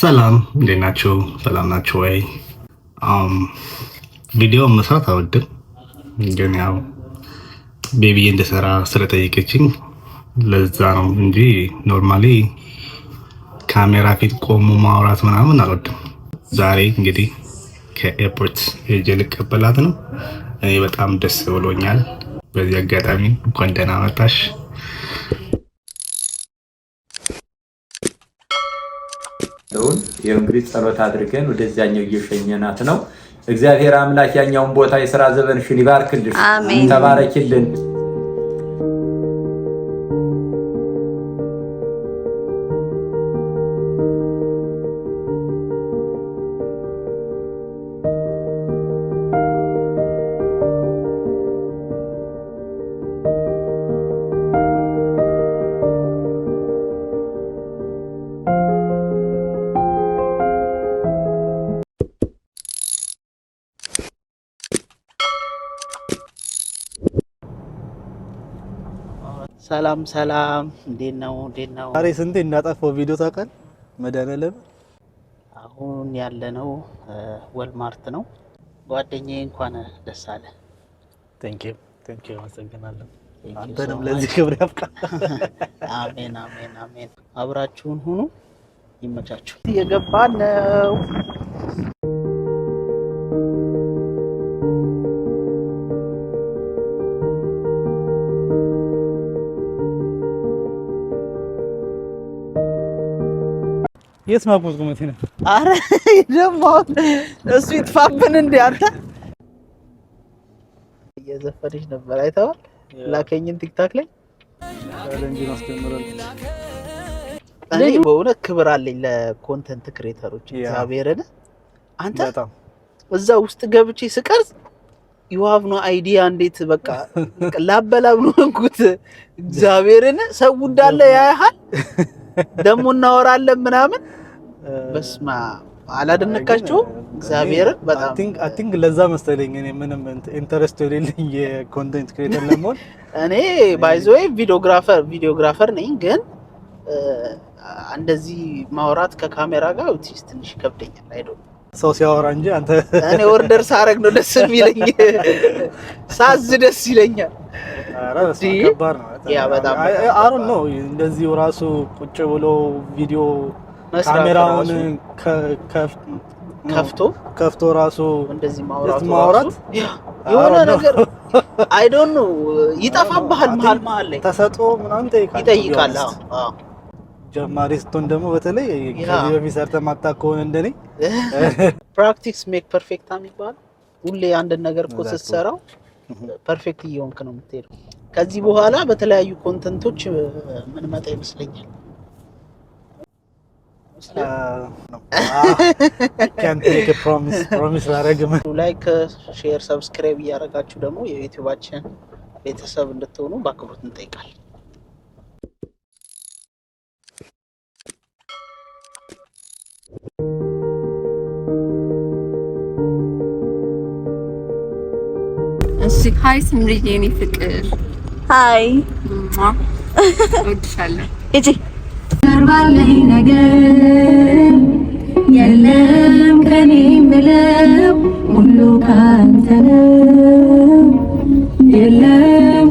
ሰላም እንዴት ናቸው? ሰላም ናቸው ወይ? Um, ቪዲዮ መስራት አወድም፣ ግን ያው ቤቢዬ እንደሰራ ስለጠየቀችኝ ለዛ ነው እንጂ ኖርማሊ ካሜራ ፊት ቆሙ ማውራት ምናምን አልወድም። ዛሬ እንግዲህ ከኤርፖርት ሄጄ ልቀበላት ነው። እኔ በጣም ደስ ብሎኛል። በዚህ አጋጣሚ እንኳን ደህና መጣሽ ያለውን ይሄው እንግዲህ ጸሎት አድርገን ወደዚያኛው እየሸኘናት ነው። እግዚአብሔር አምላክ ያኛውን ቦታ የሥራ ዘመንሽን ይባርክልሽ፣ ተባረኪልን። ሰላም ሰላም፣ እንዴት ነው? እንዴት ነው? ዛሬ ስንቴ እናጠፋው ቪዲዮ ታውቃል መድኃኒዓለም አሁን ያለነው ወልማርት ነው። ጓደኛዬ እንኳን ደስ አለ። ቴንኪው ቴንኪው፣ አመሰግናለሁ። አንተንም ለዚህ ክብር ያብቃ። አሜን አሜን አሜን። አብራችሁን ሁኑ። ይመቻችሁ። እየገባን ነው የት ማቆዝቁመት ነው? አረ ደግሞ እሱ ይጥፋብን እንዴ አንተ። እየዘፈነች ነበር አይተዋል። ላከኝን ቲክታክ ላይ እኔ በእውነት ክብር አለኝ ለኮንተንት ክሬተሮች እግዚአብሔርን። አንተ እዛ ውስጥ ገብቼ ስቀርጽ ይዋብ ነው አይዲያ እንዴት በቃ ላበላብ ነው እንኩት እግዚአብሔርን ሰው እንዳለ ያያሃል ደግሞ እናወራለን ምናምን በስማ አላደነቃችሁም? እግዚአብሔርን በጣም አይ ቲንክ ለዛ መሰለኝ እኔ ምንም ኢንተረስት የሌለኝ የኮንቴንት ክሬተር ለመሆን። እኔ ባይ ዘ ወይ ቪዲዮግራፈር ቪዲዮግራፈር ነኝ፣ ግን እንደዚህ ማውራት ከካሜራ ጋር ውጪስ ትንሽ ይከብደኛል። አይዶ ሰው ሲያወራ እንጂ አንተ እኔ ኦርደር ሳረግ ነው ደስ የሚለኝ፣ ሳዝ ደስ ይለኛል። አሮን ነው እንደዚህ ራሱ ቁጭ ብሎ ቪዲዮ ካሜራውን ከፍቶ ከፍቶ ራሱ እንደዚህ ማውራት የሆነ ነገር አይ ዶንት ኖ ይጠፋብሃል። መሀል መሀል ላይ ተሰጥኦ ምናምን ይጠይቃል። ጀማሪ ስትሆን ደግሞ በተለይ ከዚህ በፊት ሰርተህ ማታውቅ ከሆነ እንደኔ ፕራክቲስ ሜክ ፐርፌክት የሚባል ሁሌ አንድን ነገር እኮ ስትሰራው ፐርፌክት እየሆንክ ነው የምትሄደው። ከዚህ በኋላ በተለያዩ ኮንተንቶች ምንመጣ ይመስለኛል። ላይክ፣ ሼር፣ ሰብስክራይብ እያደረጋችሁ ደግሞ የዩቲዩባችን ቤተሰብ እንድትሆኑ በአክብሮት እንጠይቃለን። Thank you. እሺ ሀይ ስምሪዬ፣ የኔ ፍቅር ሀይ፣ እወድሻለሁ። ነገር የለም ከኔ ብለው ሁሉ ካንተ ነው የለም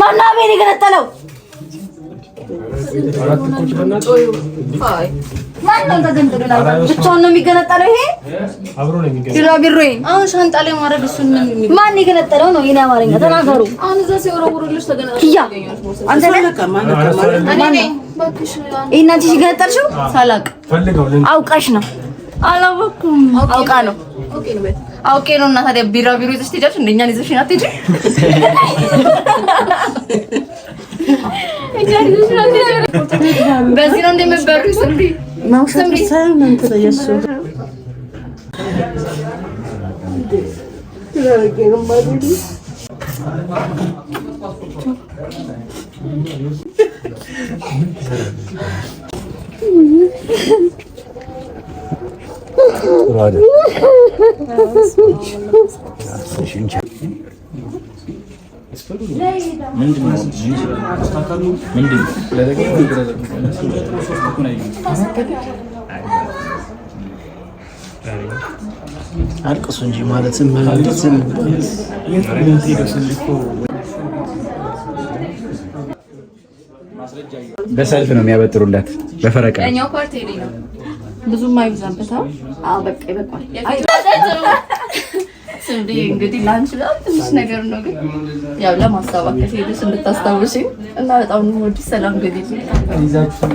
ማና ቤን የገነጠለው? ማነው ብቻውን ነው የሚገነጠለው? ይሄ ቢራቢሮ አሁን ሻንጣ ላይ ማድረግ እሱን ማነው የገነጠለው ነው የእኔ አማርኛ ተናገሩ። ያ አንተ ይሄን አንቺ ገነጠልሽው ሳላቅ አውቃሽ ነው። አላወኩም። አውቃ ነው አውቄ ነው። እና ታዲያ ቢራ ቢሮ ይዘሽ ትሄጃለሽ? እንደኛን ይዘሽና ትሄጂ በዚህ ነው እንደምበሩ አልቅሱ እንጂ ማለት በሰልፍ ነው የሚያበጥሩላት በፈረቃ ብዙም አይብዛበታ አዎ በቃ ይበቃል። እንግዲህ ላንቺ በጣም ትንሽ ነገር ነው፣ ግን ያው ለማስታወቅ ከሄደሽ እንድታስታውሽኝ እና በጣም ነው ወዲ ሰላም ገዴት ይዛችሁ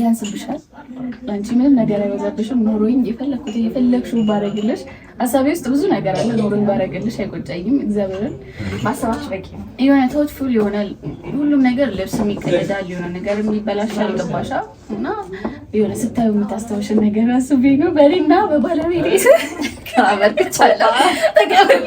ያንስብሻል። አንቺ ምንም ነገር አይበዛብሽም። ኖሮኝ የፈለግኩት የፈለግሽው ባረግልሽ ሀሳቤ ውስጥ ብዙ ነገር አለ። ኖሮኝ ባረግልሽ አይቆጨኝም። እግዚአብሔርን ማሰባች በቂ የሆነ ቶትፉል ይሆናል ሁሉም ነገር። ልብስም ይቀደዳል፣ የሆነ ነገር ይበላሻል። ገባሻ? እና የሆነ ስታዩ የምታስታውሽ ነገር አስቤ ነው በእኔና በባለቤቴ ከመርክቻለሁ ተቀበል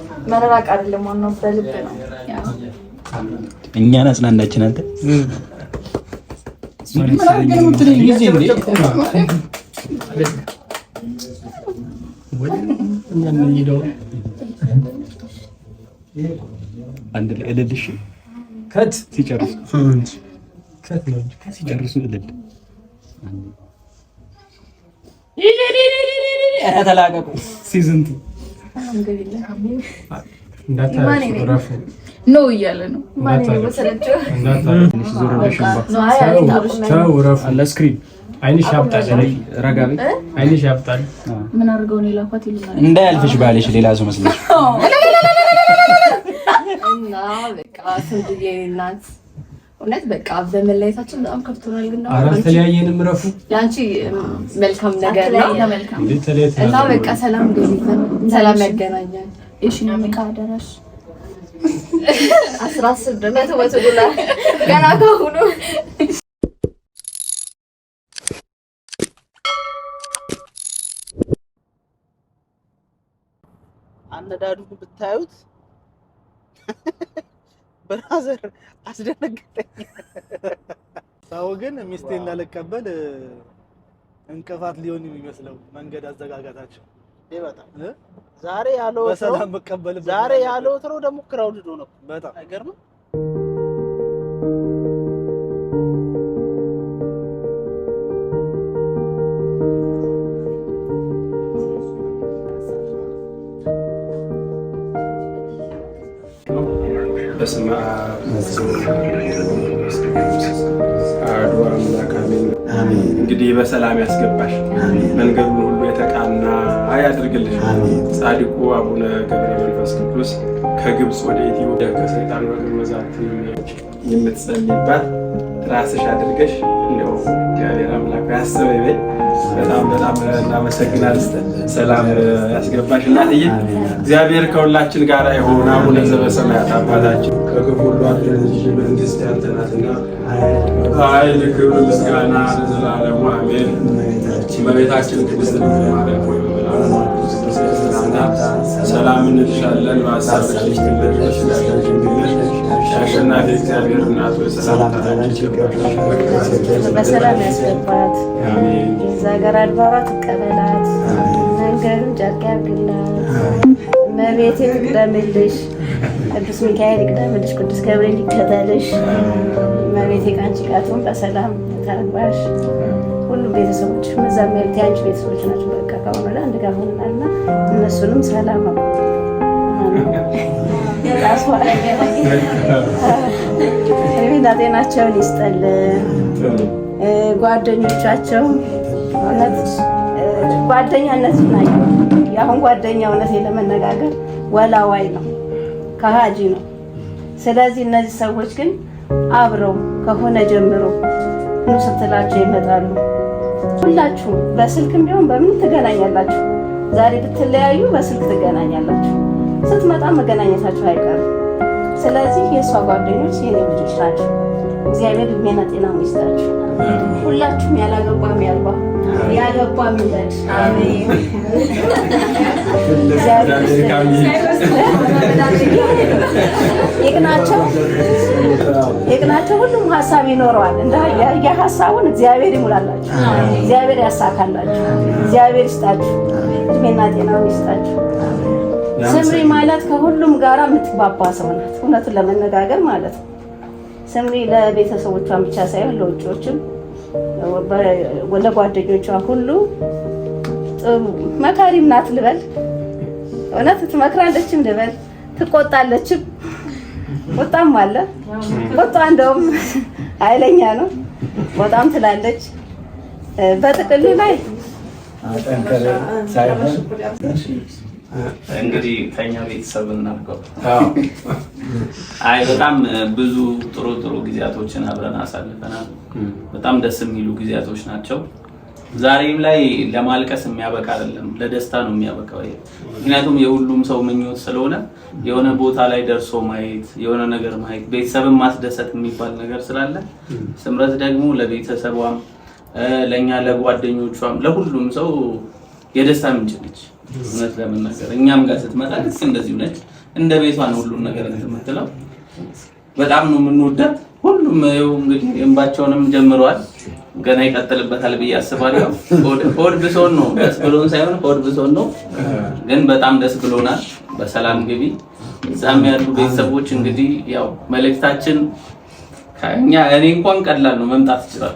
መራራቅ አይደለም ዋናው በልብ ነው። እኛን አጽናናችን አንተ አንድ ላይ ከት ሲጨርሱ ከት ነው ሲጨርሱ እልል ተላቀቁ ሲዝንቱ ኖ እያለ ነው። አይንሽ ያብጣል፣ አይንሽ ያብጣል። ምን አድርገው ነው የላኳት ይሉናል። እንዳያልፍሽ ባልሽ ሌላ ሰው መስለሽ እና በቃ እውነት በቃ በመለየታችን በጣም ከብቶናል። ግን ተለያየንም ረፉ ለአንቺ መልካም ነገር ነው እና በቃ ሰላም ሰላም ያገናኛል። ሚቃ አደራሽ አስራ ስድ መቶ መቶ ዶላር ገና ከሁኑ አነዳዱ ብታዩት ብራዘር አስደነገጠኝ። ሰው ግን ሚስቴ እንዳልቀበል እንቅፋት ሊሆን የሚመስለው መንገድ አዘጋጋታቸው ይበጣል። ዛሬ ያለው በሰላም መቀበል ዛሬ ያለው ደግሞ ክራውድድ ነው። በጣም አይገርምም። በስመ አብ አምላክ አሜን። እንግዲህ በሰላም ያስገባሽ መንገዱን ሁሉ የተቃና አያድርግልሽ። ጻድቁ አቡነ ገብረ መንፈስ ቅዱስ ከግብፅ ወደ ኢትዮጵያ ከሰይጣን በመዛት የምትጸልይባት ራስሽ አድርገሽ እንደው እግዚአብሔር አምላክ ያስበይበኝ። በጣም በጣም እናመሰግናለን። ሰላም ያስገባሽ እናትዬ። እግዚአብሔር ከሁላችን ጋር ይሁን። አቡነ ዘበሰማያት አባታችን ከክፉ ሁሉ አድነን እንጂ ያንተ ናትና ኃይል፣ ክብር፣ ምስጋና ለዘላለሙ አሜን። እመቤታችን ቅድስት ድንግል ማርያም ሆይ ሰላም እንልሻለን። አሸናፊ እግዚአብሔር እናት ሰላም በሰላም ያስገባት እዛ ሀገር አድባራት ይቀበላት መንገዱን ጨርቅ ያድርግላት። እመቤቴ ቅደምልሽ ቅዱስ ሚካኤል ይቅደምልሽ፣ ቅዱስ ገብርኤል ይከተልሽ። መቤት የቃንቺ ቃቱን በሰላም ተረባሽ። ሁሉ ቤተሰቦች መዛም ያሉት የአንቺ ቤተሰቦች ናቸው። በቃ ከሆነ ላይ አንድ ጋር ሆንናልና እነሱንም ሰላም ነው ጣሷልና ጤናቸውን ይስጠልን። ጓደኞቻቸው እውነት ጓደኛ እነዚህ የአሁን ጓደኛ እውነት ለመነጋገር ወላዋይ ነው። ከሃዲ ነው። ስለዚህ እነዚህ ሰዎች ግን አብረው ከሆነ ጀምሮ ስትላቸው ይመጣሉ። ሁላችሁ በስልክም ቢሆን በምን ትገናኛላችሁ። ዛሬ ብትለያዩ በስልክ ትገናኛላችሁ። ስትመጣ መገናኘታችሁ አይቀርም። ስለዚህ የእሷ ጓደኞች የኔ ልጆች ናቸው። እግዚአብሔር እድሜና ጤና ይስጣችሁ። ሁላችሁም ያላገባም ያልባ ያገባም ይቅናቸው ሁሉም ሀሳብ ይኖረዋል። ሀሳቡን እግዚአብሔር ይሙላላችሁ፣ እግዚአብሔር ያሳካላችሁ፣ እግዚአብሔር ይስጣችሁ፣ እድሜና ጤና ይስጣችሁ። ስምሪ ማለት ከሁሉም ጋራ የምትግባባ ሰው ናት። እውነቱን ለመነጋገር ማለት ነው ስምሪ ለቤተሰቦቿን ብቻ ሳይሆን ለውጮችም ለጓደኞቿ ሁሉ መካሪም ናት ልበል። እውነት ትመክራለችም ልበል፣ ትቆጣለችም። ቁጣም አለ። ቁጣ እንደውም ኃይለኛ ነው። በጣም ትላለች። በጥቅሉ ላይ እንግዲህ ከኛ ቤተሰብ እናድርገው። አይ በጣም ብዙ ጥሩ ጥሩ ጊዜያቶችን አብረን አሳልፈናል። በጣም ደስ የሚሉ ጊዜያቶች ናቸው። ዛሬም ላይ ለማልቀስ የሚያበቃ አይደለም፣ ለደስታ ነው የሚያበቃው። ምክንያቱም የሁሉም ሰው ምኞት ስለሆነ የሆነ ቦታ ላይ ደርሶ ማየት፣ የሆነ ነገር ማየት፣ ቤተሰብን ማስደሰት የሚባል ነገር ስላለ ስምረት ደግሞ ለቤተሰቧም፣ ለእኛ ለጓደኞቿም፣ ለሁሉም ሰው የደስታ ምንጭ ነች። እውነት ለመናገር እኛም ጋር ስትመጣ ልክ እንደዚህ ነች፣ እንደ ቤቷን ሁሉን ነገር የምትለው በጣም ነው የምንወዳት። ሁሉም ይኸው እንግዲህ እንባቸውንም ጀምረዋል፣ ገና ይቀጥልበታል ብዬ አስባለሁ። ሆድ ብሶን ነው ደስ ብሎን ሳይሆን ሆድ ብሶን ነው፣ ግን በጣም ደስ ብሎናል። በሰላም ግቢ። እዛም ያሉ ቤተሰቦች እንግዲህ ያው መልእክታችን ከእኛ እኔ እንኳን ቀላል ነው መምጣት ይችላል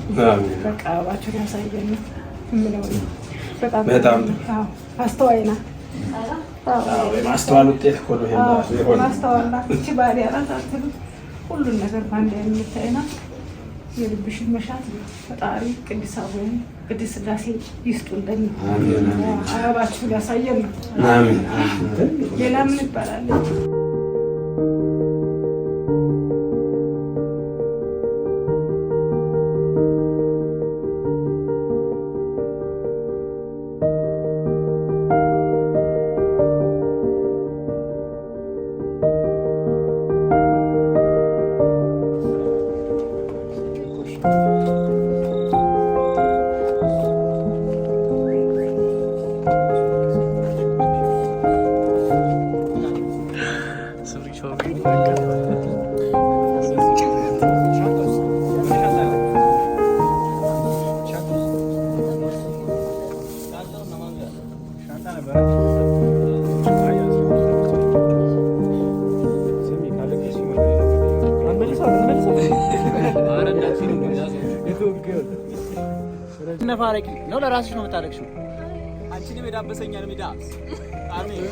በቃ አባችሁን ያሳየን የምለው በጣም አስተዋይ ናት። ማስተዋል ውጤት እኮ ነው። ማስተዋል ናት። እቺ ባል ያላት አትልም። ሁሉን ነገር በአንድ የምታይ ናት። የልብሽን መሻት ፈጣሪ ቅዱስ አቡነ ቅድስት ሥላሴ ይስጡልን። አበባችሁን ያሳየን ነው። ሌላ ምን ይባላል? ያለቅሽው? አንቺንም የዳበሰኛን ሚዳብስ አሜን።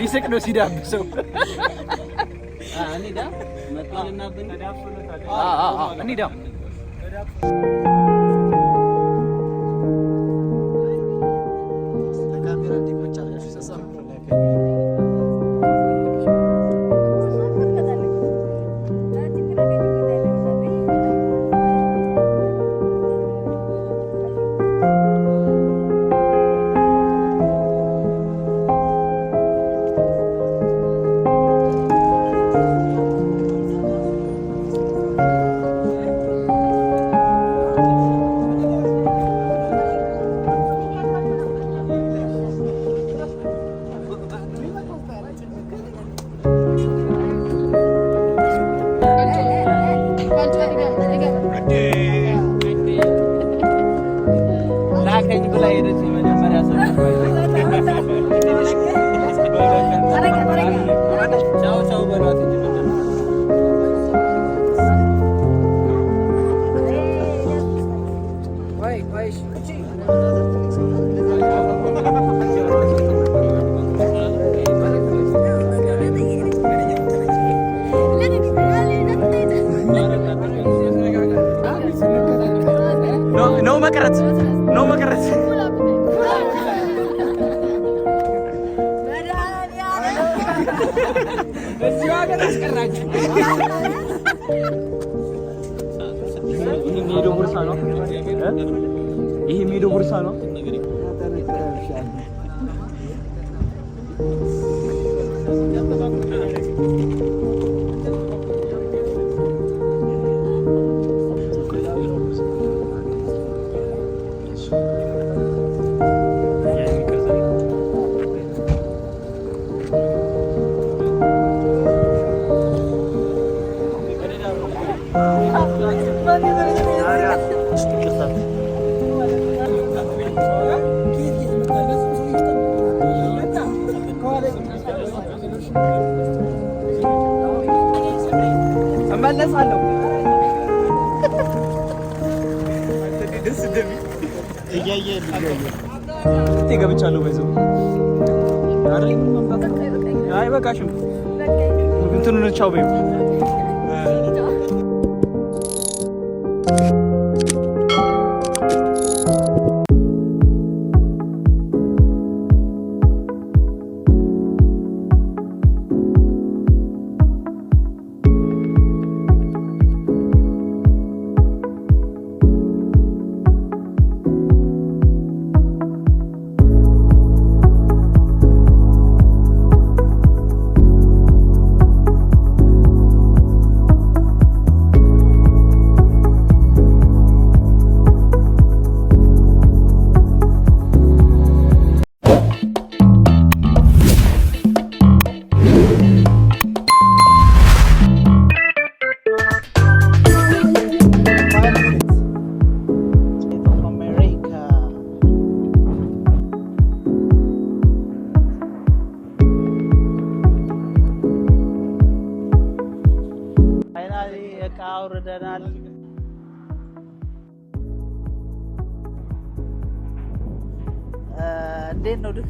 ሊስቅ ነው ሲዳብሰው። እኔ ዳም መጥቷልና ብን ተዳፍነታል። አዎ አዎ እኔ ዳም በዚህ ሀገር አስቀራችሁ። ይሄ የሚሄደው ቡርሳ ነው። ይሄ የሚሄደው ነው። እመለሳለሁ። ደስ እንደሚል እያየህ አይ በቃሽም እንትኑን ቻው በይው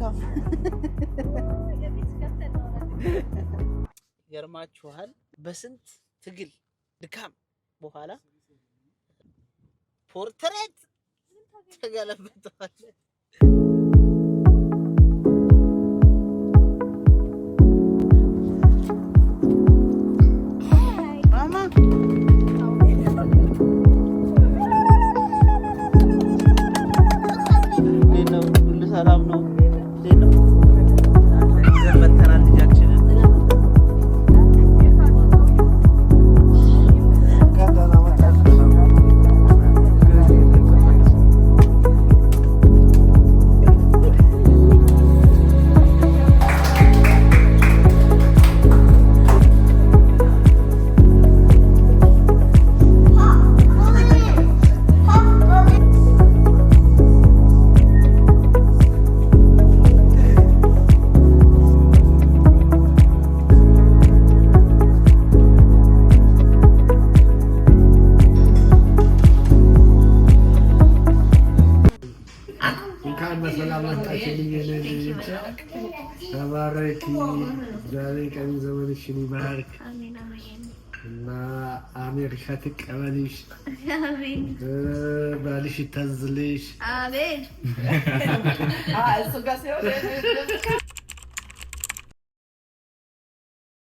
መልካም ገርማችኋል። በስንት ትግል ድካም በኋላ ፖርትሬት ተገለብጠዋል። ربي يبارك امين امين እና አሜሪካ ትቀበልሽ፣ ባልሽ ይታዝልሽ። አሜን። እሱ ጋር ሲሆን